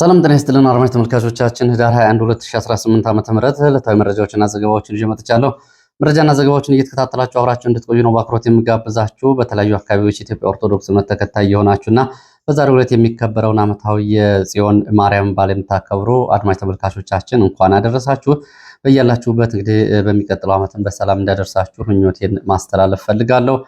ሰላም ጤና ይስጥልን አድማጭ ተመልካቾቻችን፣ ህዳር 21 2018 ዓ.ም ተመረተ ዕለታዊ መረጃዎችና ዘገባዎችን ይዤ መጥቻለሁ። መረጃና ዘገባዎችን እየተከታተላችሁ አብራችሁ እንድትቆዩ ነው በአክብሮት የምጋብዛችሁ። በተለያዩ አካባቢዎች የኢትዮጵያ ኦርቶዶክስ እምነት ተከታይ የሆናችሁና በዛሬው ዕለት የሚከበረውን ዓመታዊ የጽዮን ማርያም በዓል የምታከብሩ አድማጭ ተመልካቾቻችን እንኳን አደረሳችሁ። በያላችሁበት እንግዲህ በሚቀጥለው ዓመትን በሰላም እንዳደርሳችሁ ምኞቴን ማስተላለፍ ፈልጋለሁ።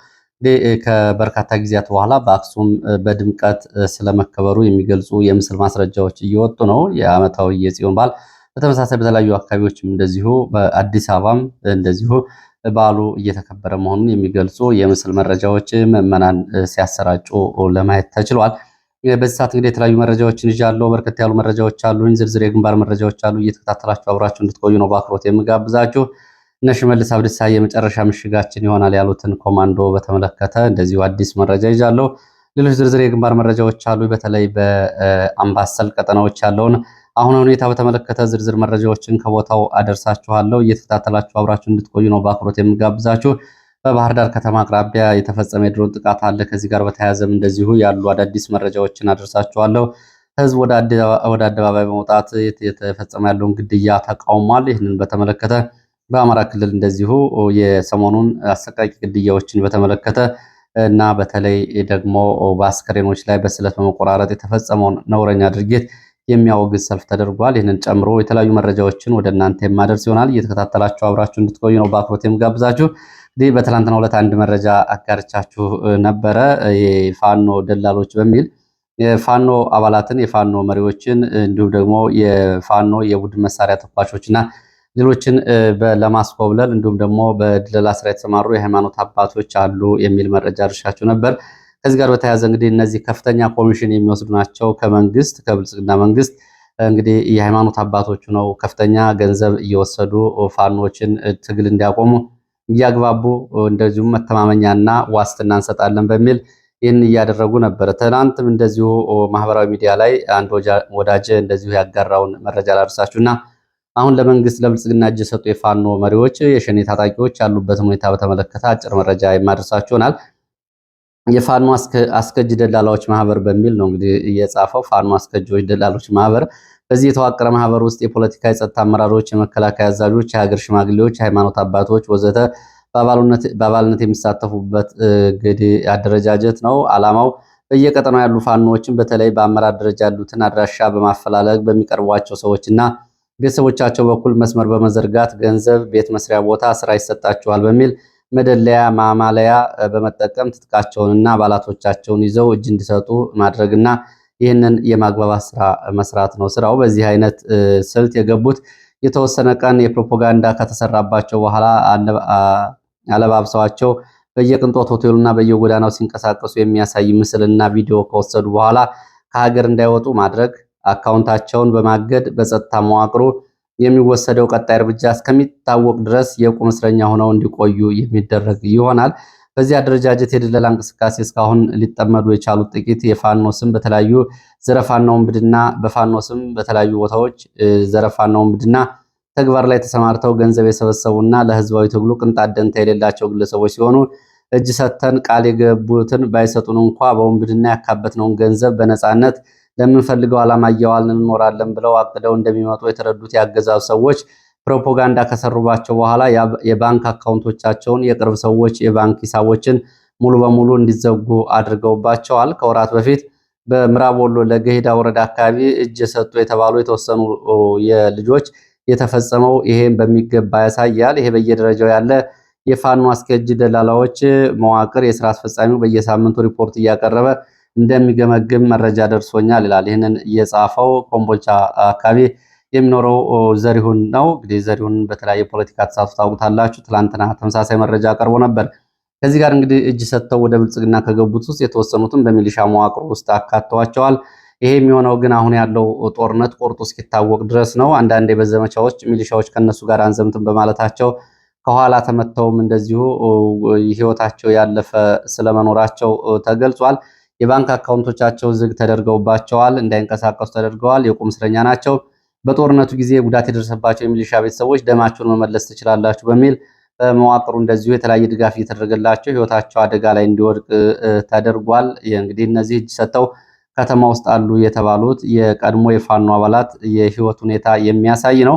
ከበርካታ ጊዜያት በኋላ በአክሱም በድምቀት ስለመከበሩ የሚገልጹ የምስል ማስረጃዎች እየወጡ ነው። የዓመታዊ የጽዮን በዓል በተመሳሳይ በተለያዩ አካባቢዎችም እንደዚሁ በአዲስ አበባም እንደዚሁ በዓሉ እየተከበረ መሆኑን የሚገልጹ የምስል መረጃዎች ምዕመናን ሲያሰራጩ ለማየት ተችሏል። በዚህ ሰዓት እንግዲህ የተለያዩ መረጃዎችን ይዣለሁ። በርከት ያሉ መረጃዎች አሉኝ። ዝርዝር የግንባር መረጃዎች አሉ። እየተከታተላችሁ አብራችሁ እንድትቆዩ ነው በአክብሮት የምጋብዛችሁ። እነ ሽመልስ አብዲሳ የመጨረሻ ምሽጋችን ይሆናል ያሉትን ኮማንዶ በተመለከተ እንደዚሁ አዲስ መረጃ ይዣለሁ። ሌሎች ዝርዝር የግንባር መረጃዎች አሉ። በተለይ በአምባሰል ቀጠናዎች ያለውን አሁን ሁኔታ በተመለከተ ዝርዝር መረጃዎችን ከቦታው አደርሳችኋለሁ። እየተከታተላችሁ አብራችሁ እንድትቆዩ ነው በአክብሮት የምጋብዛችሁ። በባህር ዳር ከተማ አቅራቢያ የተፈጸመ የድሮን ጥቃት አለ። ከዚህ ጋር በተያያዘም እንደዚሁ ያሉ አዳዲስ መረጃዎችን አደርሳችኋለሁ። ህዝብ ወደ አደባባይ በመውጣት የተፈጸመ ያለውን ግድያ ተቃውሟል። ይህንን በተመለከተ በአማራ ክልል እንደዚሁ የሰሞኑን አሰቃቂ ግድያዎችን በተመለከተ እና በተለይ ደግሞ በአስከሬኖች ላይ በስለት በመቆራረጥ የተፈጸመውን ነውረኛ ድርጊት የሚያወግዝ ሰልፍ ተደርጓል። ይህንን ጨምሮ የተለያዩ መረጃዎችን ወደ እናንተ የማደርስ ይሆናል። እየተከታተላችሁ አብራችሁ እንድትቆዩ ነው በአክብሮት የምጋብዛችሁ። እንግዲህ በትላንትና ሁለት አንድ መረጃ አጋርቻችሁ ነበረ። የፋኖ ደላሎች በሚል የፋኖ አባላትን የፋኖ መሪዎችን እንዲሁም ደግሞ የፋኖ የቡድን መሳሪያ ተኳሾችና ሌሎችን ለማስኮብለል እንዲሁም ደግሞ በድለላ ስራ የተሰማሩ የሃይማኖት አባቶች አሉ የሚል መረጃ ድርሻቸው ነበር። ከዚህ ጋር በተያያዘ እንግዲህ እነዚህ ከፍተኛ ኮሚሽን የሚወስዱ ናቸው። ከመንግስት ከብልጽግና መንግስት እንግዲህ የሃይማኖት አባቶቹ ነው ከፍተኛ ገንዘብ እየወሰዱ ፋኖችን ትግል እንዲያቆሙ እያግባቡ፣ እንደዚሁም መተማመኛና ዋስትና እንሰጣለን በሚል ይህን እያደረጉ ነበረ። ትናንትም እንደዚሁ ማህበራዊ ሚዲያ ላይ አንድ ወዳጅ እንደዚሁ ያጋራውን መረጃ ላርሳችሁ እና አሁን ለመንግስት ለብልጽግና እጅ የሰጡ የፋኖ መሪዎች የሸኔ ታጣቂዎች ያሉበትን ሁኔታ በተመለከተ አጭር መረጃ የማደርሳችሁ ይሆናል። የፋኖ አስከጅ ደላላዎች ማህበር በሚል ነው እንግዲህ እየጻፈው ፋኖ አስከጆች ደላሎች ማህበር። በዚህ የተዋቀረ ማህበር ውስጥ የፖለቲካ የጸጥታ አመራሮች፣ የመከላከያ አዛዦች፣ የሀገር ሽማግሌዎች፣ የሃይማኖት አባቶች ወዘተ በአባልነት የሚሳተፉበት እንግዲህ አደረጃጀት ነው። አላማው በየቀጠናው ያሉ ፋኖዎችን በተለይ በአመራር ደረጃ ያሉትን አድራሻ በማፈላለግ በሚቀርቧቸው ሰዎችና ቤተሰቦቻቸው በኩል መስመር በመዘርጋት ገንዘብ፣ ቤት መስሪያ ቦታ፣ ስራ ይሰጣቸዋል በሚል መደለያ ማማለያ በመጠቀም ትጥቃቸውንና አባላቶቻቸውን ይዘው እጅ እንዲሰጡ ማድረግና ይህንን የማግባባት ስራ መስራት ነው ስራው። በዚህ አይነት ስልት የገቡት የተወሰነ ቀን የፕሮፓጋንዳ ከተሰራባቸው በኋላ አለባብሰዋቸው በየቅንጦት ሆቴሉና በየጎዳናው ሲንቀሳቀሱ የሚያሳይ ምስልና ቪዲዮ ከወሰዱ በኋላ ከሀገር እንዳይወጡ ማድረግ አካውንታቸውን በማገድ በጸጥታ መዋቅሩ የሚወሰደው ቀጣይ እርምጃ እስከሚታወቅ ድረስ የቁም እስረኛ ሆነው እንዲቆዩ የሚደረግ ይሆናል። በዚህ አደረጃጀት የድለላ እንቅስቃሴ እስካሁን ሊጠመዱ የቻሉት ጥቂት የፋኖ ስም በተለያዩ ዘረፋና ውንብድና በፋኖ ስም በተለያዩ ቦታዎች ዘረፋና ውንብድና ተግባር ላይ ተሰማርተው ገንዘብ የሰበሰቡና ለህዝባዊ ትግሉ ቅንጣት ደንታ የሌላቸው ግለሰቦች ሲሆኑ እጅ ሰጥተን ቃል የገቡትን ባይሰጡን እንኳ በውንብድና ያካበትነውን ገንዘብ በነፃነት ለምንፈልገው ዓላማ እያዋልን እንኖራለን ብለው አቅደው እንደሚመጡ የተረዱት ያገዛዙ ሰዎች ፕሮፓጋንዳ ከሰሩባቸው በኋላ የባንክ አካውንቶቻቸውን፣ የቅርብ ሰዎች የባንክ ሂሳቦችን ሙሉ በሙሉ እንዲዘጉ አድርገውባቸዋል። ከወራት በፊት በምዕራብ ወሎ ለገሄዳ ወረዳ አካባቢ እጅ የሰጡ የተባሉ የተወሰኑ የልጆች የተፈጸመው ይሄን በሚገባ ያሳያል። ይሄ በየደረጃው ያለ የፋኖ አስገጅ ደላላዎች መዋቅር የስራ አስፈጻሚው በየሳምንቱ ሪፖርት እያቀረበ እንደሚገመግም መረጃ ደርሶኛል ይላል። ይህንን እየጻፈው ኮምቦልቻ አካባቢ የሚኖረው ዘሪሁን ነው። እንግዲህ ዘሪሁን በተለያየ ፖለቲካ ተሳትፎ ታውቁታላችሁ። ትላንትና ተመሳሳይ መረጃ ቀርቦ ነበር። ከዚህ ጋር እንግዲህ እጅ ሰጥተው ወደ ብልጽግና ከገቡት ውስጥ የተወሰኑትን በሚሊሻ መዋቅር ውስጥ አካተዋቸዋል። ይሄ የሚሆነው ግን አሁን ያለው ጦርነት ቆርጦ እስኪታወቅ ድረስ ነው። አንዳንዴ በዘመቻዎች ሚሊሻዎች ከነሱ ጋር አንዘምትም በማለታቸው ከኋላ ተመተውም እንደዚሁ ህይወታቸው ያለፈ ስለመኖራቸው ተገልጿል። የባንክ አካውንቶቻቸው ዝግ ተደርገውባቸዋል፣ እንዳይንቀሳቀሱ ተደርገዋል። የቁም እስረኛ ናቸው። በጦርነቱ ጊዜ ጉዳት የደረሰባቸው የሚሊሻ ቤተሰቦች ደማቸውን መመለስ ትችላላችሁ በሚል በመዋቅሩ እንደዚሁ የተለያየ ድጋፍ እየተደረገላቸው ህይወታቸው አደጋ ላይ እንዲወድቅ ተደርጓል። እንግዲህ እነዚህ እጅ ሰጥተው ከተማ ውስጥ አሉ የተባሉት የቀድሞ የፋኖ አባላት የህይወት ሁኔታ የሚያሳይ ነው።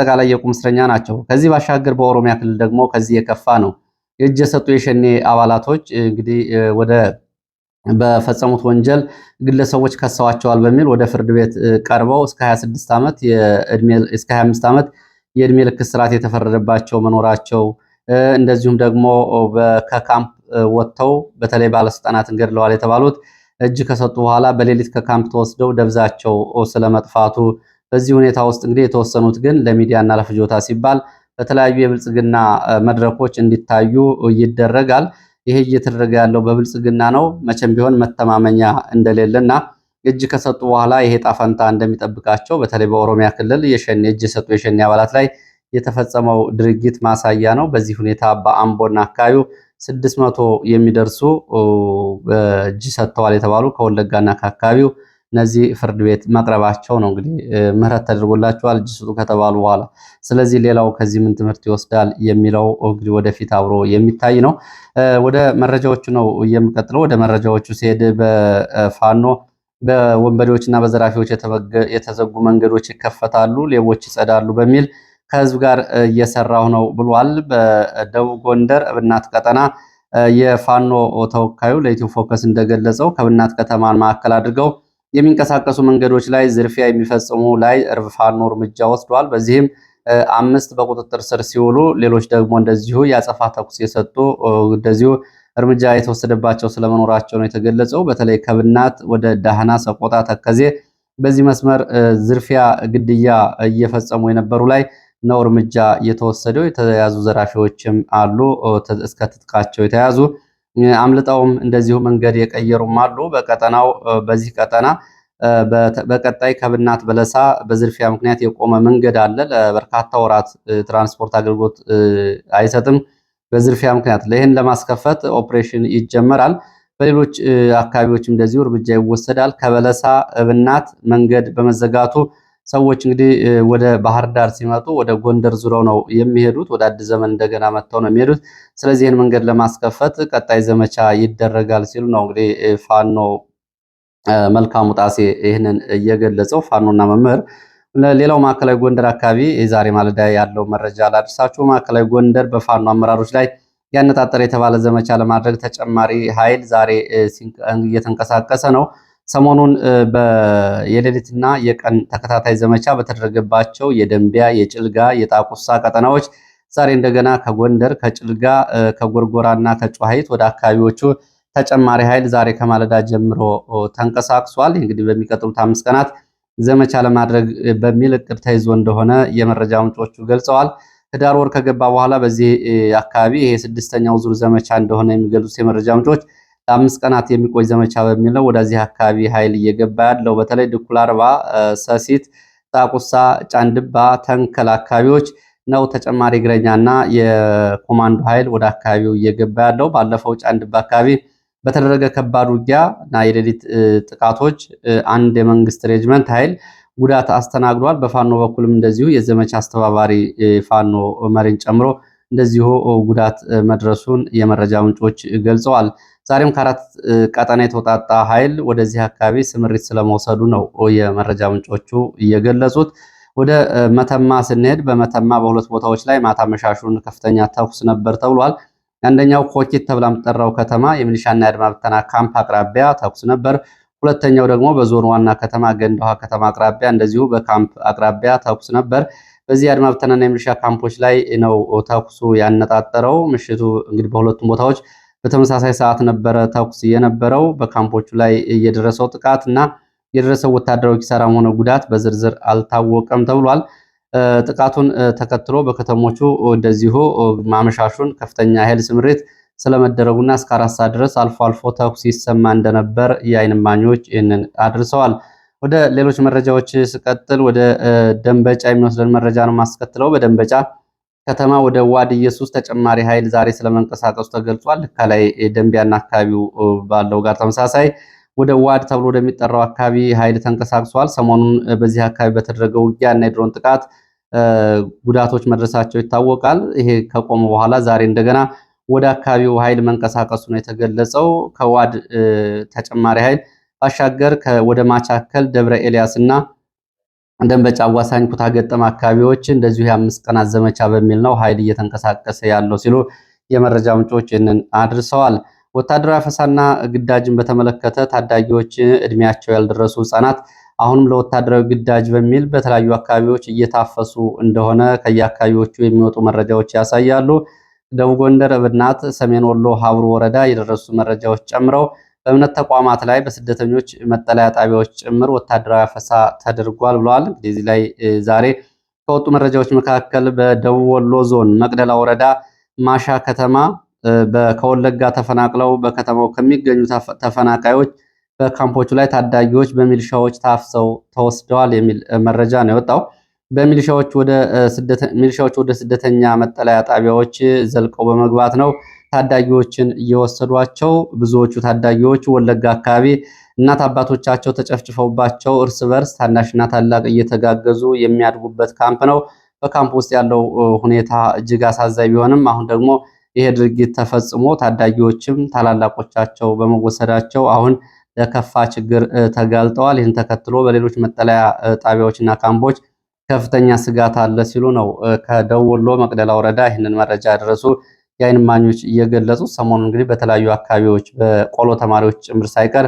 አጠቃላይ የቁም እስረኛ ናቸው። ከዚህ ባሻገር በኦሮሚያ ክልል ደግሞ ከዚህ የከፋ ነው። የእጅ የሰጡ የሸኔ አባላቶች እንግዲህ ወደ በፈጸሙት ወንጀል ግለሰቦች ከሰዋቸዋል በሚል ወደ ፍርድ ቤት ቀርበው እስከ 26 ዓመት የእድሜ እስከ 25 ዓመት የእድሜ ልክ እስራት የተፈረደባቸው መኖራቸው እንደዚሁም ደግሞ ከካምፕ ወጥተው በተለይ ባለስልጣናትን ገድለዋል የተባሉት እጅ ከሰጡ በኋላ በሌሊት ከካምፕ ተወስደው ደብዛቸው ስለመጥፋቱ በዚህ ሁኔታ ውስጥ እንግዲህ የተወሰኑት ግን ለሚዲያና ለፍጆታ ሲባል በተለያዩ የብልጽግና መድረኮች እንዲታዩ ይደረጋል። ይሄ እየተደረገ ያለው በብልጽግና ነው። መቼም ቢሆን መተማመኛ እንደሌለና እጅ ከሰጡ በኋላ ይሄ ጣፈንታ እንደሚጠብቃቸው በተለይ በኦሮሚያ ክልል እጅ የሰጡ የሸኔ አባላት ላይ የተፈጸመው ድርጊት ማሳያ ነው። በዚህ ሁኔታ በአምቦና አካባቢው ስድስት መቶ የሚደርሱ እጅ ሰጥተዋል የተባሉ ከወለጋና ከአካባቢው እነዚህ ፍርድ ቤት መቅረባቸው ነው እንግዲህ ምህረት ተደርጎላቸዋል እጅ ስጡ ከተባሉ በኋላ። ስለዚህ ሌላው ከዚህ ምን ትምህርት ይወስዳል የሚለው እንግዲህ ወደፊት አብሮ የሚታይ ነው። ወደ መረጃዎቹ ነው የምቀጥለው። ወደ መረጃዎቹ ሲሄድ በፋኖ በወንበዴዎች እና በዘራፊዎች የተዘጉ መንገዶች ይከፈታሉ፣ ሌቦች ይጸዳሉ በሚል ከህዝብ ጋር እየሰራሁ ነው ብሏል። በደቡብ ጎንደር እብናት ቀጠና የፋኖ ተወካዩ ለኢትዮ ፎከስ እንደገለጸው ከብናት ከተማን ማዕከል አድርገው የሚንቀሳቀሱ መንገዶች ላይ ዝርፊያ የሚፈጽሙ ላይ ፋኖ እርምጃ ወስዷል። በዚህም አምስት በቁጥጥር ስር ሲውሉ ሌሎች ደግሞ እንደዚሁ የአጸፋ ተኩስ የሰጡ እንደዚሁ እርምጃ የተወሰደባቸው ስለመኖራቸው ነው የተገለጸው። በተለይ ከብናት ወደ ዳህና፣ ሰቆጣ፣ ተከዜ በዚህ መስመር ዝርፊያ፣ ግድያ እየፈጸሙ የነበሩ ላይ ነው እርምጃ እየተወሰደው። የተያዙ ዘራፊዎችም አሉ እስከ ትጥቃቸው የተያዙ አምልጠውም እንደዚሁ መንገድ የቀየሩም አሉ። በቀጠናው በዚህ ቀጠና በቀጣይ ከብናት በለሳ በዝርፊያ ምክንያት የቆመ መንገድ አለ። ለበርካታ ወራት ትራንስፖርት አገልግሎት አይሰጥም በዝርፊያ ምክንያት። ይህን ለማስከፈት ኦፕሬሽን ይጀመራል። በሌሎች አካባቢዎችም እንደዚሁ እርምጃ ይወሰዳል። ከበለሳ ብናት መንገድ በመዘጋቱ ሰዎች እንግዲህ ወደ ባህር ዳር ሲመጡ ወደ ጎንደር ዙረው ነው የሚሄዱት። ወደ አዲስ ዘመን እንደገና መጥተው ነው የሚሄዱት። ስለዚህ ይህን መንገድ ለማስከፈት ቀጣይ ዘመቻ ይደረጋል ሲሉ ነው እንግዲህ ፋኖ መልካሙ ጣሴ ይህንን እየገለጸው ፋኖና መምህር ሌላው ማዕከላዊ ጎንደር አካባቢ ዛሬ ማለዳ ያለው መረጃ ላድርሳችሁ። ማዕከላዊ ጎንደር በፋኖ አመራሮች ላይ ያነጣጠረ የተባለ ዘመቻ ለማድረግ ተጨማሪ ኃይል ዛሬ እየተንቀሳቀሰ ነው። ሰሞኑን የሌሊትና የቀን ተከታታይ ዘመቻ በተደረገባቸው የደንቢያ፣ የጭልጋ፣ የጣቁሳ ቀጠናዎች ዛሬ እንደገና ከጎንደር ከጭልጋ ከጎርጎራና ከጨዋሂት ወደ አካባቢዎቹ ተጨማሪ ኃይል ዛሬ ከማለዳ ጀምሮ ተንቀሳቅሷል። እንግዲህ በሚቀጥሉት አምስት ቀናት ዘመቻ ለማድረግ በሚል እቅድ ተይዞ እንደሆነ የመረጃ ምንጮቹ ገልጸዋል። ህዳር ወር ከገባ በኋላ በዚህ አካባቢ ይሄ ስድስተኛው ዙር ዘመቻ እንደሆነ የሚገልጹት የመረጃ ምንጮች ለአምስት ቀናት የሚቆይ ዘመቻ በሚል ነው ወደዚህ አካባቢ ኃይል እየገባ ያለው። በተለይ ድኩላ አርባ፣ ሰሲት፣ ጣቁሳ፣ ጫንድባ፣ ተንከል አካባቢዎች ነው ተጨማሪ እግረኛና የኮማንዶ ኃይል ወደ አካባቢው እየገባ ያለው። ባለፈው ጫንድባ አካባቢ በተደረገ ከባድ ውጊያ እና የሌሊት ጥቃቶች አንድ የመንግስት ሬጅመንት ኃይል ጉዳት አስተናግዷል። በፋኖ በኩልም እንደዚሁ የዘመቻ አስተባባሪ ፋኖ መሪን ጨምሮ እንደዚሁ ጉዳት መድረሱን የመረጃ ምንጮች ገልጸዋል። ዛሬም ከአራት ቀጠና የተውጣጣ ኃይል ወደዚህ አካባቢ ስምሪት ስለመውሰዱ ነው የመረጃ ምንጮቹ እየገለጹት። ወደ መተማ ስንሄድ በመተማ በሁለት ቦታዎች ላይ ማታ መሻሹን ከፍተኛ ተኩስ ነበር ተብሏል። አንደኛው ኮኬት ተብላ የምትጠራው ከተማ የሚሊሻና የአድማ ብተና ካምፕ አቅራቢያ ተኩስ ነበር። ሁለተኛው ደግሞ በዞን ዋና ከተማ ገንዳውሃ ከተማ አቅራቢያ እንደዚሁ በካምፕ አቅራቢያ ተኩስ ነበር። በዚህ የአድማ ብተናና የሚሊሻ ካምፖች ላይ ነው ተኩሱ ያነጣጠረው። ምሽቱ እንግዲህ በሁለቱም ቦታዎች በተመሳሳይ ሰዓት ነበረ ተኩስ የነበረው። በካምፖቹ ላይ የደረሰው ጥቃት እና የደረሰው ወታደራዊ ኪሳራም ሆነ ጉዳት በዝርዝር አልታወቀም ተብሏል። ጥቃቱን ተከትሎ በከተሞቹ እንደዚሁ ማመሻሹን ከፍተኛ ኃይል ስምሪት ስለመደረጉና እስከ አራት ሰዓት ድረስ አልፎ አልፎ ተኩስ ይሰማ እንደነበር የአይን እማኞች ይህንን አድርሰዋል። ወደ ሌሎች መረጃዎች ስቀጥል ወደ ደንበጫ የሚወስደን መረጃ ነው የማስከትለው። በደንበጫ ከተማ ወደ ዋድ ኢየሱስ ተጨማሪ ኃይል ዛሬ ስለመንቀሳቀሱ ተገልጿል። ከላይ ደንቢያና አካባቢው ባለው ጋር ተመሳሳይ ወደ ዋድ ተብሎ ወደሚጠራው አካባቢ ኃይል ተንቀሳቅሷል። ሰሞኑን በዚህ አካባቢ በተደረገ ውጊያ እና የድሮን ጥቃት ጉዳቶች መድረሳቸው ይታወቃል። ይሄ ከቆመ በኋላ ዛሬ እንደገና ወደ አካባቢው ኃይል መንቀሳቀሱ ነው የተገለጸው። ከዋድ ተጨማሪ ኃይል ባሻገር ወደ ማቻከል፣ ደብረ ኤልያስ እና ደንበጫ አዋሳኝ ኩታ ገጠም አካባቢዎች እንደዚሁ የአምስት ቀናት ዘመቻ በሚል ነው ኃይል እየተንቀሳቀሰ ያለው ሲሉ የመረጃ ምንጮች ይህንን አድርሰዋል። ወታደራዊ አፈሳና ግዳጅን በተመለከተ ታዳጊዎች፣ እድሜያቸው ያልደረሱ ህጻናት አሁንም ለወታደራዊ ግዳጅ በሚል በተለያዩ አካባቢዎች እየታፈሱ እንደሆነ ከየአካባቢዎቹ የሚወጡ መረጃዎች ያሳያሉ። ደቡብ ጎንደር እብናት፣ ሰሜን ወሎ ሀብሩ ወረዳ የደረሱ መረጃዎች ጨምረው በእምነት ተቋማት ላይ በስደተኞች መጠለያ ጣቢያዎች ጭምር ወታደራዊ አፈሳ ተደርጓል ብለዋል። እንግዲህ እዚህ ላይ ዛሬ ከወጡ መረጃዎች መካከል በደቡብ ወሎ ዞን መቅደላ ወረዳ ማሻ ከተማ ከወለጋ ተፈናቅለው በከተማው ከሚገኙ ተፈናቃዮች በካምፖቹ ላይ ታዳጊዎች በሚሊሻዎች ታፍሰው ተወስደዋል የሚል መረጃ ነው የወጣው። በሚሊሻዎች ወደ ስደተኛ መጠለያ ጣቢያዎች ዘልቀው በመግባት ነው ታዳጊዎችን እየወሰዷቸው ብዙዎቹ ታዳጊዎች ወለጋ አካባቢ እናት አባቶቻቸው ተጨፍጭፈውባቸው እርስ በርስ ታናሽና ታላቅ እየተጋገዙ የሚያድጉበት ካምፕ ነው። በካምፕ ውስጥ ያለው ሁኔታ እጅግ አሳዛኝ ቢሆንም አሁን ደግሞ ይሄ ድርጊት ተፈጽሞ ታዳጊዎችም ታላላቆቻቸው በመወሰዳቸው አሁን ለከፋ ችግር ተጋልጠዋል። ይህን ተከትሎ በሌሎች መጠለያ ጣቢያዎችና ካምፖች ከፍተኛ ስጋት አለ ሲሉ ነው ከደወሎ መቅደላ ወረዳ ይህንን መረጃ ያደረሱ የዓይን እማኞች እየገለጹት ሰሞኑን እንግዲህ በተለያዩ አካባቢዎች በቆሎ ተማሪዎች ጭምር ሳይቀር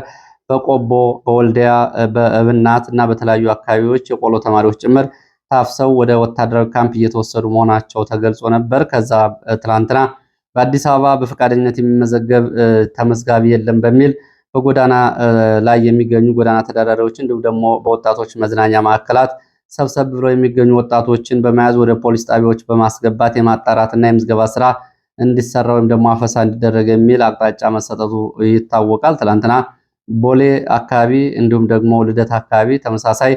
በቆቦ፣ በወልዲያ፣ በእብናት እና በተለያዩ አካባቢዎች የቆሎ ተማሪዎች ጭምር ታፍሰው ወደ ወታደራዊ ካምፕ እየተወሰዱ መሆናቸው ተገልጾ ነበር። ከዛ ትላንትና በአዲስ አበባ በፈቃደኝነት የሚመዘገብ ተመዝጋቢ የለም በሚል በጎዳና ላይ የሚገኙ ጎዳና ተዳዳሪዎች እንዲሁም ደግሞ በወጣቶች መዝናኛ ማዕከላት ሰብሰብ ብለው የሚገኙ ወጣቶችን በመያዝ ወደ ፖሊስ ጣቢያዎች በማስገባት የማጣራትና የምዝገባ ስራ እንዲሰራ ወይም ደግሞ አፈሳ እንዲደረግ የሚል አቅጣጫ መሰጠቱ ይታወቃል። ትላንትና ቦሌ አካባቢ እንዲሁም ደግሞ ልደት አካባቢ ተመሳሳይ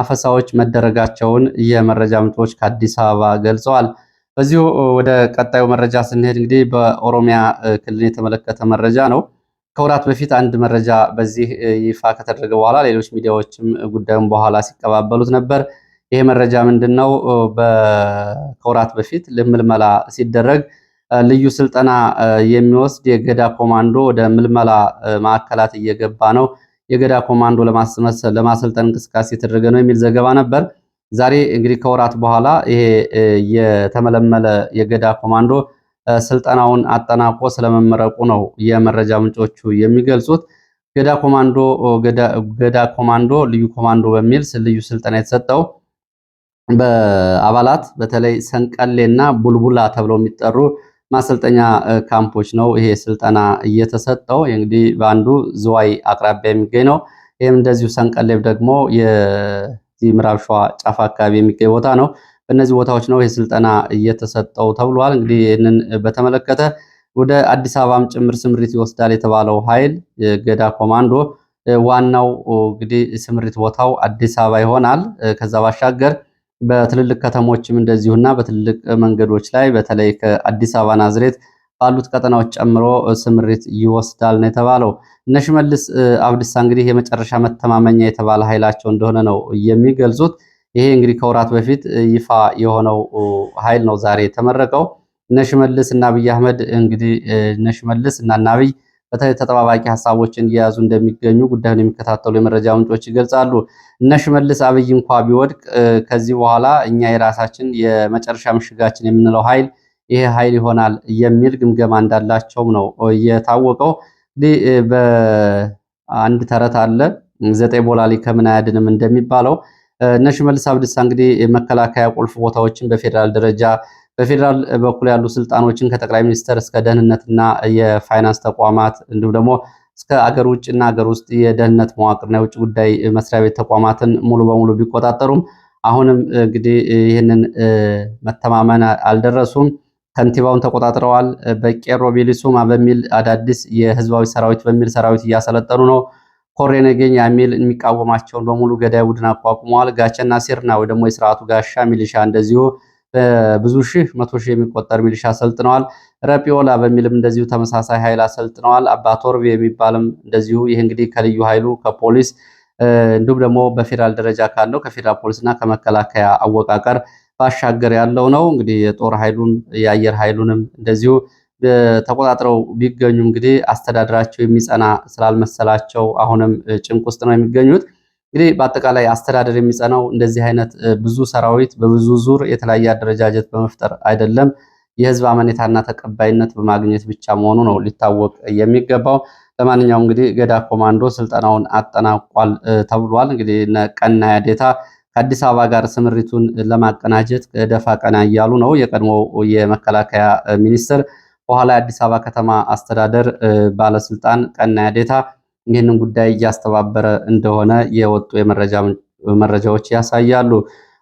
አፈሳዎች መደረጋቸውን የመረጃ ምንጮች ከአዲስ አበባ ገልጸዋል። በዚሁ ወደ ቀጣዩ መረጃ ስንሄድ እንግዲህ በኦሮሚያ ክልል የተመለከተ መረጃ ነው። ከወራት በፊት አንድ መረጃ በዚህ ይፋ ከተደረገ በኋላ ሌሎች ሚዲያዎችም ጉዳዩን በኋላ ሲቀባበሉት ነበር። ይሄ መረጃ ምንድን ነው? ከወራት በፊት ልምልመላ ሲደረግ ልዩ ስልጠና የሚወስድ የገዳ ኮማንዶ ወደ ምልመላ ማዕከላት እየገባ ነው፣ የገዳ ኮማንዶ ለማሰልጠን እንቅስቃሴ የተደረገ ነው የሚል ዘገባ ነበር። ዛሬ እንግዲህ ከወራት በኋላ ይሄ የተመለመለ የገዳ ኮማንዶ ስልጠናውን አጠናቆ ስለመመረቁ ነው የመረጃ ምንጮቹ የሚገልጹት። ገዳ ኮማንዶ ገዳ ኮማንዶ ልዩ ኮማንዶ በሚል ልዩ ስልጠና የተሰጠው በአባላት በተለይ ሰንቀሌና ቡልቡላ ተብለው የሚጠሩ ማሰልጠኛ ካምፖች ነው ይሄ ስልጠና እየተሰጠው። እንግዲህ በአንዱ ዝዋይ አቅራቢያ የሚገኝ ነው። ይህም እንደዚሁ ሰንቀሌብ ደግሞ የምዕራብ ሸዋ ጫፍ አካባቢ የሚገኝ ቦታ ነው። በእነዚህ ቦታዎች ነው ይህ ስልጠና እየተሰጠው ተብሏል። እንግዲህ ይህንን በተመለከተ ወደ አዲስ አበባም ጭምር ስምሪት ይወስዳል የተባለው ኃይል የገዳ ኮማንዶ ዋናው እንግዲህ ስምሪት ቦታው አዲስ አበባ ይሆናል። ከዛ ባሻገር በትልልቅ ከተሞችም እንደዚሁና በትልልቅ መንገዶች ላይ በተለይ ከአዲስ አበባ ናዝሬት ባሉት ቀጠናዎች ጨምሮ ስምሪት ይወስዳል ነው የተባለው። እነ ሽመልስ አብዲሳ እንግዲህ የመጨረሻ መተማመኛ የተባለ ኃይላቸው እንደሆነ ነው የሚገልጹት። ይሄ እንግዲህ ከወራት በፊት ይፋ የሆነው ኃይል ነው ዛሬ የተመረቀው። እነ ሽመልስ እና አብይ አህመድ እንግዲህ እነ ሽመልስ እና አብይ በተለይ ተጠባባቂ ሀሳቦችን እየያዙ እንደሚገኙ ጉዳዩን የሚከታተሉ የመረጃ ምንጮች ይገልጻሉ። እነ ሽመልስ አብይ እንኳ ቢወድቅ ከዚህ በኋላ እኛ የራሳችን የመጨረሻ ምሽጋችን የምንለው ኃይል ይሄ ኃይል ይሆናል የሚል ግምገማ እንዳላቸውም ነው የታወቀው። እንግዲህ በአንድ ተረት አለ ዘጠኝ ቦላሊ ከምን አያድንም እንደሚባለው እነ ሽመልስ አብዲሳ እንግዲህ መከላከያ ቁልፍ ቦታዎችን በፌዴራል ደረጃ በፌዴራል በኩል ያሉ ስልጣኖችን ከጠቅላይ ሚኒስተር እስከ ደህንነትና የፋይናንስ ተቋማት እንዲሁም ደግሞ እስከ አገር ውጭና አገር ውስጥ የደህንነት መዋቅርና የውጭ ጉዳይ መስሪያ ቤት ተቋማትን ሙሉ በሙሉ ቢቆጣጠሩም አሁንም እንግዲህ ይህንን መተማመን አልደረሱም። ከንቲባውን ተቆጣጥረዋል። በቄሮ ቢሊሱማ በሚል አዳዲስ የህዝባዊ ሰራዊት በሚል ሰራዊት እያሰለጠኑ ነው። ኮሬ ነገኝ የሚል የሚቃወማቸውን በሙሉ ገዳይ ቡድን አቋቁመዋል። ጋቸና ሲርና ወይ ደግሞ የስርዓቱ ጋሻ ሚሊሻ እንደዚሁ በብዙ ሺህ መቶ ሺህ የሚቆጠር ሚሊሻ አሰልጥነዋል። ረፒዮላ በሚልም እንደዚሁ ተመሳሳይ ኃይል አሰልጥነዋል። አባቶርቭ የሚባልም እንደዚሁ ይህ እንግዲህ ከልዩ ኃይሉ ከፖሊስ እንዲሁም ደግሞ በፌዴራል ደረጃ ካለው ከፌዴራል ፖሊስና ከመከላከያ አወቃቀር ባሻገር ያለው ነው። እንግዲህ የጦር ኃይሉን የአየር ኃይሉንም እንደዚሁ ተቆጣጥረው ቢገኙ እንግዲህ አስተዳደራቸው የሚጸና ስላልመሰላቸው አሁንም ጭንቅ ውስጥ ነው የሚገኙት። እንግዲህ በአጠቃላይ አስተዳደር የሚጸናው እንደዚህ አይነት ብዙ ሰራዊት በብዙ ዙር የተለያየ አደረጃጀት በመፍጠር አይደለም፣ የህዝብ አመኔታና ተቀባይነት በማግኘት ብቻ መሆኑ ነው ሊታወቅ የሚገባው። ለማንኛውም እንግዲህ ገዳ ኮማንዶ ስልጠናውን አጠናቋል ተብሏል። እንግዲህ ቀና ያዴታ ከአዲስ አበባ ጋር ስምሪቱን ለማቀናጀት ደፋ ቀና እያሉ ነው። የቀድሞ የመከላከያ ሚኒስትር በኋላ የአዲስ አበባ ከተማ አስተዳደር ባለስልጣን ቀና ያዴታ ይህንን ጉዳይ እያስተባበረ እንደሆነ የወጡ መረጃዎች ያሳያሉ።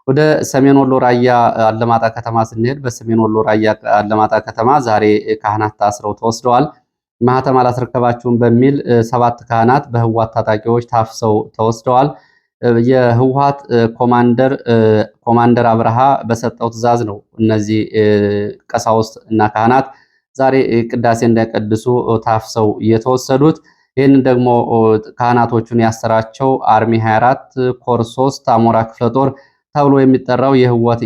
ወደ ሰሜን ወሎ ራያ አለማጣ ከተማ ስንሄድ በሰሜን ወሎ ራያ አለማጣ ከተማ ዛሬ ካህናት ታስረው ተወስደዋል። ማህተም አላስረከባችሁም በሚል ሰባት ካህናት በህወሓት ታጣቂዎች ታፍሰው ተወስደዋል። የህወሓት ኮማንደር ኮማንደር አብርሃ በሰጠው ትዕዛዝ ነው እነዚህ ቀሳውስት እና ካህናት ዛሬ ቅዳሴ እንዳይቀድሱ ታፍሰው የተወሰዱት። ይህንን ደግሞ ካህናቶቹን ያሰራቸው አርሚ 24 ኮር 3 አሞራ ክፍለ ጦር ተብሎ የሚጠራው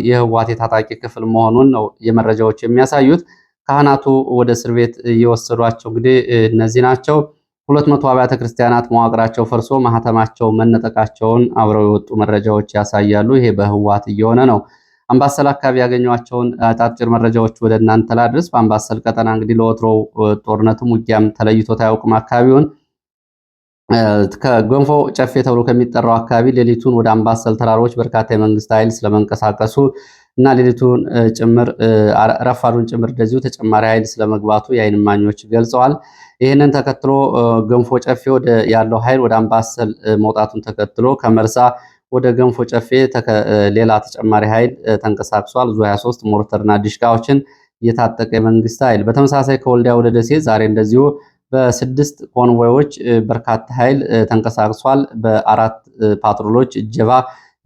የህዋት የታጣቂ ክፍል መሆኑን ነው የመረጃዎች የሚያሳዩት። ካህናቱ ወደ እስር ቤት እየወሰዷቸው እንግዲህ እነዚህ ናቸው። ሁለት መቶ አብያተ ክርስቲያናት መዋቅራቸው ፈርሶ ማህተማቸው መነጠቃቸውን አብረው የወጡ መረጃዎች ያሳያሉ። ይሄ በህዋት እየሆነ ነው። አምባሰል አካባቢ ያገኟቸውን አጫጭር መረጃዎች ወደ እናንተ ላድርስ። በአምባሰል ቀጠና እንግዲህ ለወትሮው ጦርነትም ውጊያም ተለይቶ ታያውቅም አካባቢውን ከገንፎ ጨፌ ተብሎ ከሚጠራው አካባቢ ሌሊቱን ወደ አምባሰል ተራሮች በርካታ የመንግስት ኃይል ስለመንቀሳቀሱ እና ሌሊቱን ጭምር ረፋዱን ጭምር እንደዚሁ ተጨማሪ ኃይል ስለመግባቱ የዓይን እማኞች ገልጸዋል። ይህንን ተከትሎ ገንፎ ጨፌ ያለው ኃይል ወደ አምባሰል መውጣቱን ተከትሎ ከመርሳ ወደ ገንፎ ጨፌ ሌላ ተጨማሪ ኃይል ተንቀሳቅሷል። ዙ 23 ሞርተርና ዲሽቃዎችን የታጠቀ የመንግስት ኃይል በተመሳሳይ ከወልዲያ ወደ ደሴ ዛሬ እንደዚሁ በስድስት ኮንቮዮች በርካታ ኃይል ተንቀሳቅሷል። በአራት ፓትሮሎች እጀባ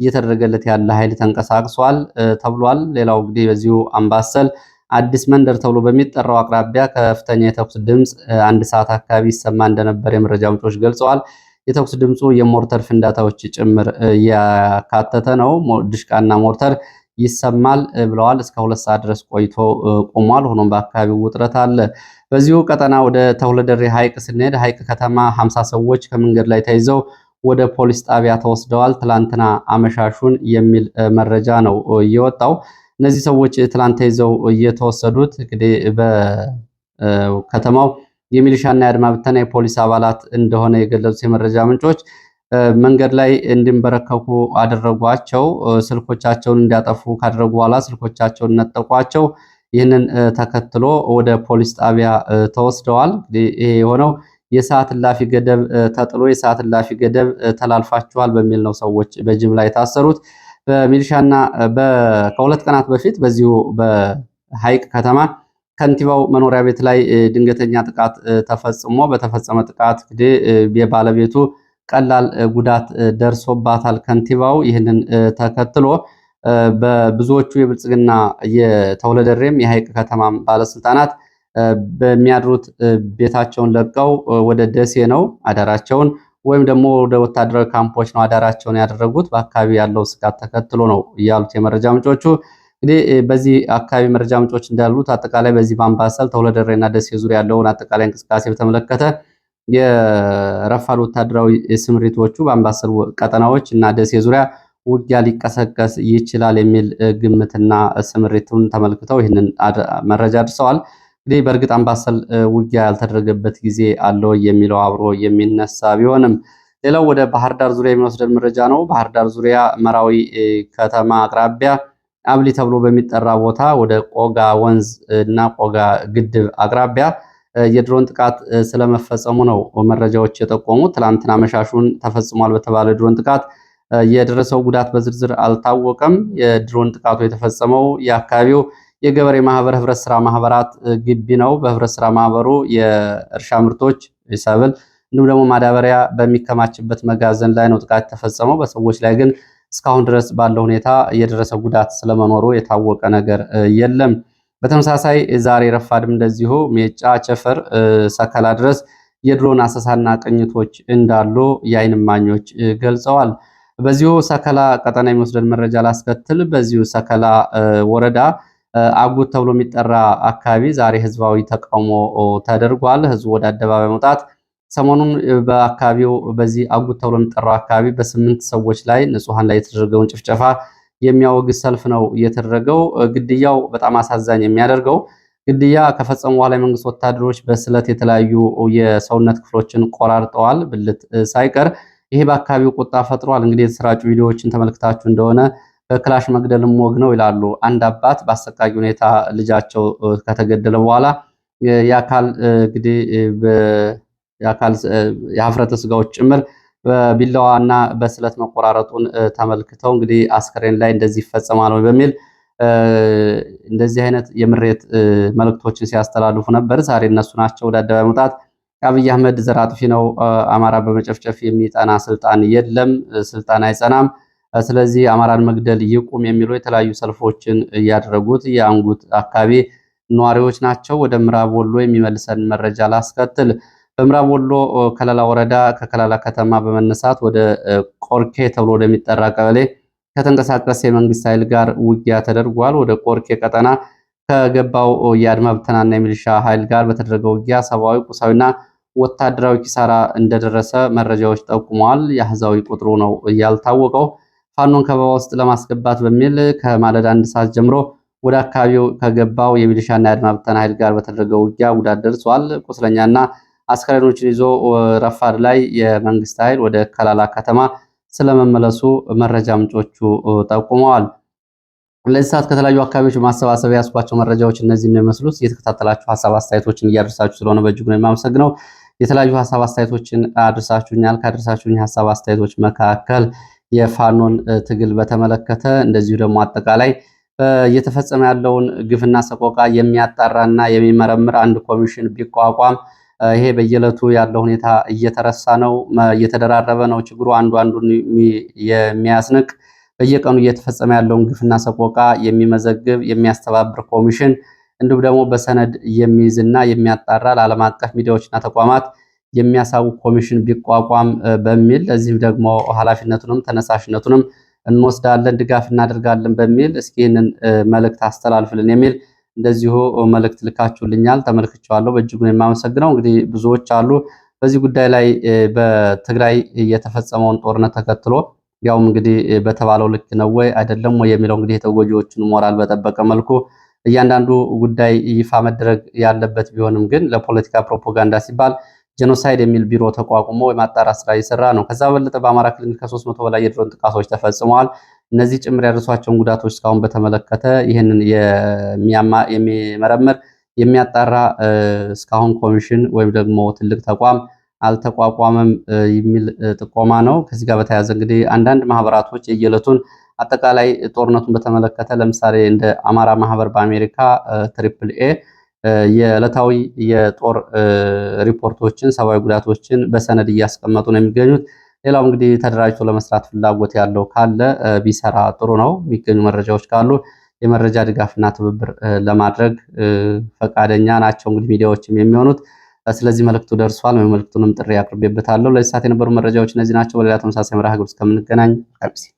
እየተደረገለት ያለ ኃይል ተንቀሳቅሷል ተብሏል። ሌላው እንግዲህ በዚሁ አምባሰል አዲስ መንደር ተብሎ በሚጠራው አቅራቢያ ከፍተኛ የተኩስ ድምፅ አንድ ሰዓት አካባቢ ይሰማ እንደነበር የመረጃ ምንጮች ገልጸዋል። የተኩስ ድምፁ የሞርተር ፍንዳታዎች ጭምር እያካተተ ነው። ድሽቃና ሞርተር ይሰማል ብለዋል። እስከ ሁለት ሰዓት ድረስ ቆይቶ ቆሟል። ሆኖም በአካባቢው ውጥረት አለ። በዚሁ ቀጠና ወደ ተሁለደሬ ሐይቅ ስንሄድ ሐይቅ ከተማ 50 ሰዎች ከመንገድ ላይ ተይዘው ወደ ፖሊስ ጣቢያ ተወስደዋል ትላንትና አመሻሹን የሚል መረጃ ነው የወጣው። እነዚህ ሰዎች ትላንት ተይዘው እየተወሰዱት እንግዲህ በከተማው የሚሊሻና የአድማ ብተና የፖሊስ አባላት እንደሆነ የገለጹት የመረጃ ምንጮች መንገድ ላይ እንዲንበረከኩ አደረጓቸው። ስልኮቻቸውን እንዲያጠፉ ካደረጉ በኋላ ስልኮቻቸውን ነጠቋቸው። ይህንን ተከትሎ ወደ ፖሊስ ጣቢያ ተወስደዋል። ይሄ የሆነው የሰዓት እላፊ ገደብ ተጥሎ የሰዓት እላፊ ገደብ ተላልፋችኋል በሚል ነው ሰዎች በጅምላ የታሰሩት። በሚሊሻና ከሁለት ቀናት በፊት በዚሁ በሐይቅ ከተማ ከንቲባው መኖሪያ ቤት ላይ ድንገተኛ ጥቃት ተፈጽሞ በተፈጸመ ጥቃት የባለቤቱ ቀላል ጉዳት ደርሶባታል ከንቲባው ይህንን ተከትሎ በብዙዎቹ የብልጽግና የተውለደሬም የሐይቅ ከተማም ባለስልጣናት በሚያድሩት ቤታቸውን ለቀው ወደ ደሴ ነው አዳራቸውን ወይም ደግሞ ወደ ወታደራዊ ካምፖች ነው አዳራቸውን ያደረጉት በአካባቢ ያለው ስጋት ተከትሎ ነው እያሉት የመረጃ ምንጮቹ። እንግዲህ በዚህ አካባቢ መረጃ ምንጮች እንዳሉት አጠቃላይ በዚህ በአምባሰል ተውለደሬ እና ደሴ ዙሪያ ያለውን አጠቃላይ እንቅስቃሴ በተመለከተ የረፋድ ወታደራዊ ስምሪቶቹ በአምባሰል ቀጠናዎች እና ደሴ ዙሪያ ውጊያ ሊቀሰቀስ ይችላል የሚል ግምትና ስምሪቱን ተመልክተው ይህንን መረጃ አድርሰዋል። እንግዲህ በእርግጥ አምባሰል ውጊያ ያልተደረገበት ጊዜ አለው የሚለው አብሮ የሚነሳ ቢሆንም ሌላው ወደ ባህር ዳር ዙሪያ የሚወስደን መረጃ ነው። ባህር ዳር ዙሪያ መራዊ ከተማ አቅራቢያ አብሊ ተብሎ በሚጠራ ቦታ ወደ ቆጋ ወንዝ እና ቆጋ ግድብ አቅራቢያ የድሮን ጥቃት ስለመፈጸሙ ነው መረጃዎች የጠቆሙት። ትላንትና መሻሹን ተፈጽሟል በተባለ ድሮን ጥቃት የደረሰው ጉዳት በዝርዝር አልታወቀም። የድሮን ጥቃቱ የተፈጸመው የአካባቢው የገበሬ ማህበር ህብረት ስራ ማህበራት ግቢ ነው። በህብረት ስራ ማህበሩ የእርሻ ምርቶች ሰብል፣ እንዲሁም ደግሞ ማዳበሪያ በሚከማችበት መጋዘን ላይ ነው ጥቃት የተፈጸመው። በሰዎች ላይ ግን እስካሁን ድረስ ባለው ሁኔታ የደረሰ ጉዳት ስለመኖሩ የታወቀ ነገር የለም። በተመሳሳይ ዛሬ ረፋድም እንደዚሁ ሜጫ ቸፈር፣ ሰከላ ድረስ የድሮን አሰሳና ቅኝቶች እንዳሉ የአይን እማኞች ገልጸዋል። በዚሁ ሰከላ ቀጠና የሚወስደን መረጃ ላስከትል። በዚሁ ሰከላ ወረዳ አጉት ተብሎ የሚጠራ አካባቢ ዛሬ ህዝባዊ ተቃውሞ ተደርጓል። ህዝቡ ወደ አደባባይ መውጣት ሰሞኑን በአካባቢው በዚህ አጉት ተብሎ የሚጠራው አካባቢ በስምንት ሰዎች ላይ ንጹሐን ላይ የተደረገውን ጭፍጨፋ የሚያወግ ሰልፍ ነው የተደረገው። ግድያው በጣም አሳዛኝ የሚያደርገው ግድያ ከፈጸሙ በኋላ የመንግስት ወታደሮች በስለት የተለያዩ የሰውነት ክፍሎችን ቆራርጠዋል፣ ብልት ሳይቀር ይሄ በአካባቢው ቁጣ ፈጥሯል። እንግዲህ የተሰራጩ ቪዲዮዎችን ተመልክታችሁ እንደሆነ በክላሽ መግደልም ወግ ነው ይላሉ። አንድ አባት በአሰቃቂ ሁኔታ ልጃቸው ከተገደለ በኋላ የአካል እንግዲህ የሀፍረተ ስጋዎች ጭምር እና በስለት መቆራረጡን ተመልክተው እንግዲህ አስክሬን ላይ እንደዚህ ይፈጸማል በሚል እንደዚህ አይነት የምሬት መልእክቶችን ሲያስተላልፉ ነበር። ዛሬ እነሱ ናቸው ወደ አደባባይ መውጣት የአብይ አህመድ ዘር አጥፊ ነው። አማራ በመጨፍጨፍ የሚጠና ስልጣን የለም፣ ስልጣን አይጸናም። ስለዚህ አማራን መግደል ይቁም የሚሉ የተለያዩ ሰልፎችን ያደረጉት የአንጉት አካባቢ ነዋሪዎች ናቸው። ወደ ምዕራብ ወሎ የሚመልሰን መረጃ ላስከትል። በምዕራብ ወሎ ከለላ ወረዳ ከከለላ ከተማ በመነሳት ወደ ቆርኬ ተብሎ ወደሚጠራ ቀበሌ ከተንቀሳቀስ የመንግስት ኃይል ጋር ውጊያ ተደርጓል። ወደ ቆርኬ ቀጠና ከገባው የአድማ ብተናና የሚሊሻ ኃይል ጋር በተደረገው ውጊያ ሰብአዊ፣ ቁሳዊና ወታደራዊ ኪሳራ እንደደረሰ መረጃዎች ጠቁመዋል። የአህዛዊ ቁጥሩ ነው ያልታወቀው። ፋኖን ከበባ ውስጥ ለማስገባት በሚል ከማለዳ አንድ ሰዓት ጀምሮ ወደ አካባቢው ከገባው የሚሊሻና የአድማ ብተና ኃይል ጋር በተደረገው ውጊያ ጉዳት ደርሷል። ቁስለኛና አስከሬኖችን ይዞ ረፋድ ላይ የመንግስት ኃይል ወደ ከላላ ከተማ ስለመመለሱ መረጃ ምንጮቹ ጠቁመዋል። ለዚህ ሰዓት ከተለያዩ አካባቢዎች በማሰባሰብ ያስኳቸው መረጃዎች እነዚህ ነው የሚመስሉት። እየተከታተላችሁ ሀሳብ አስተያየቶችን እያደርሳችሁ ስለሆነ በእጅጉ ነው የማመሰግነው። የተለያዩ ሀሳብ አስተያየቶችን አድርሳችሁኛል። ካደረሳችሁኝ ሀሳብ አስተያየቶች መካከል የፋኖን ትግል በተመለከተ እንደዚሁ ደግሞ አጠቃላይ እየተፈጸመ ያለውን ግፍና ሰቆቃ የሚያጣራና የሚመረምር አንድ ኮሚሽን ቢቋቋም ይሄ በየዕለቱ ያለው ሁኔታ እየተረሳ ነው፣ እየተደራረበ ነው ችግሩ አንዱ አንዱን የሚያስንቅ በየቀኑ እየተፈጸመ ያለውን ግፍና ሰቆቃ የሚመዘግብ የሚያስተባብር ኮሚሽን እንዲሁም ደግሞ በሰነድ የሚይዝና የሚያጣራ ለዓለም አቀፍ ሚዲያዎችና ተቋማት የሚያሳውቅ ኮሚሽን ቢቋቋም በሚል ለዚህም ደግሞ ኃላፊነቱንም ተነሳሽነቱንም እንወስዳለን፣ ድጋፍ እናደርጋለን በሚል እስኪ ይህንን መልእክት አስተላልፍልን የሚል እንደዚሁ መልእክት ልካችሁልኛል። ተመልክቼዋለሁ። በእጅጉ የማመሰግነው። እንግዲህ ብዙዎች አሉ በዚህ ጉዳይ ላይ በትግራይ የተፈጸመውን ጦርነት ተከትሎ ያውም እንግዲህ በተባለው ልክ ነው ወይ አይደለም ወይ የሚለው እንግዲህ የተጎጂዎችን ሞራል በጠበቀ መልኩ እያንዳንዱ ጉዳይ ይፋ መደረግ ያለበት ቢሆንም ግን ለፖለቲካ ፕሮፓጋንዳ ሲባል ጄኖሳይድ የሚል ቢሮ ተቋቁሞ የማጣራት ስራ እየሰራ ነው። ከዛ በበለጠ በአማራ ክልል ከሶስት መቶ በላይ የድሮን ጥቃቶች ተፈጽመዋል። እነዚህ ጭምር ያደረሷቸውን ጉዳቶች እስካሁን በተመለከተ ይህንን የሚመረምር የሚያጣራ እስካሁን ኮሚሽን ወይም ደግሞ ትልቅ ተቋም አልተቋቋመም የሚል ጥቆማ ነው። ከዚህ ጋር በተያያዘ እንግዲህ አንዳንድ ማህበራቶች የየዕለቱን አጠቃላይ ጦርነቱን በተመለከተ ለምሳሌ እንደ አማራ ማህበር በአሜሪካ ትሪፕል ኤ የዕለታዊ የጦር ሪፖርቶችን፣ ሰብአዊ ጉዳቶችን በሰነድ እያስቀመጡ ነው የሚገኙት። ሌላው እንግዲህ ተደራጅቶ ለመስራት ፍላጎት ያለው ካለ ቢሰራ ጥሩ ነው። የሚገኙ መረጃዎች ካሉ የመረጃ ድጋፍና ትብብር ለማድረግ ፈቃደኛ ናቸው እንግዲህ ሚዲያዎችም የሚሆኑት ስለዚህ መልእክቱ ደርሷል። መልእክቱንም ጥሪ አቅርቤበታለሁ። ለዚህ ሰዓት የነበሩ መረጃዎች እነዚህ ናቸው። በሌላ ተመሳሳይ መርሃ ግብር እስከምንገናኝ ቀርብ ሲል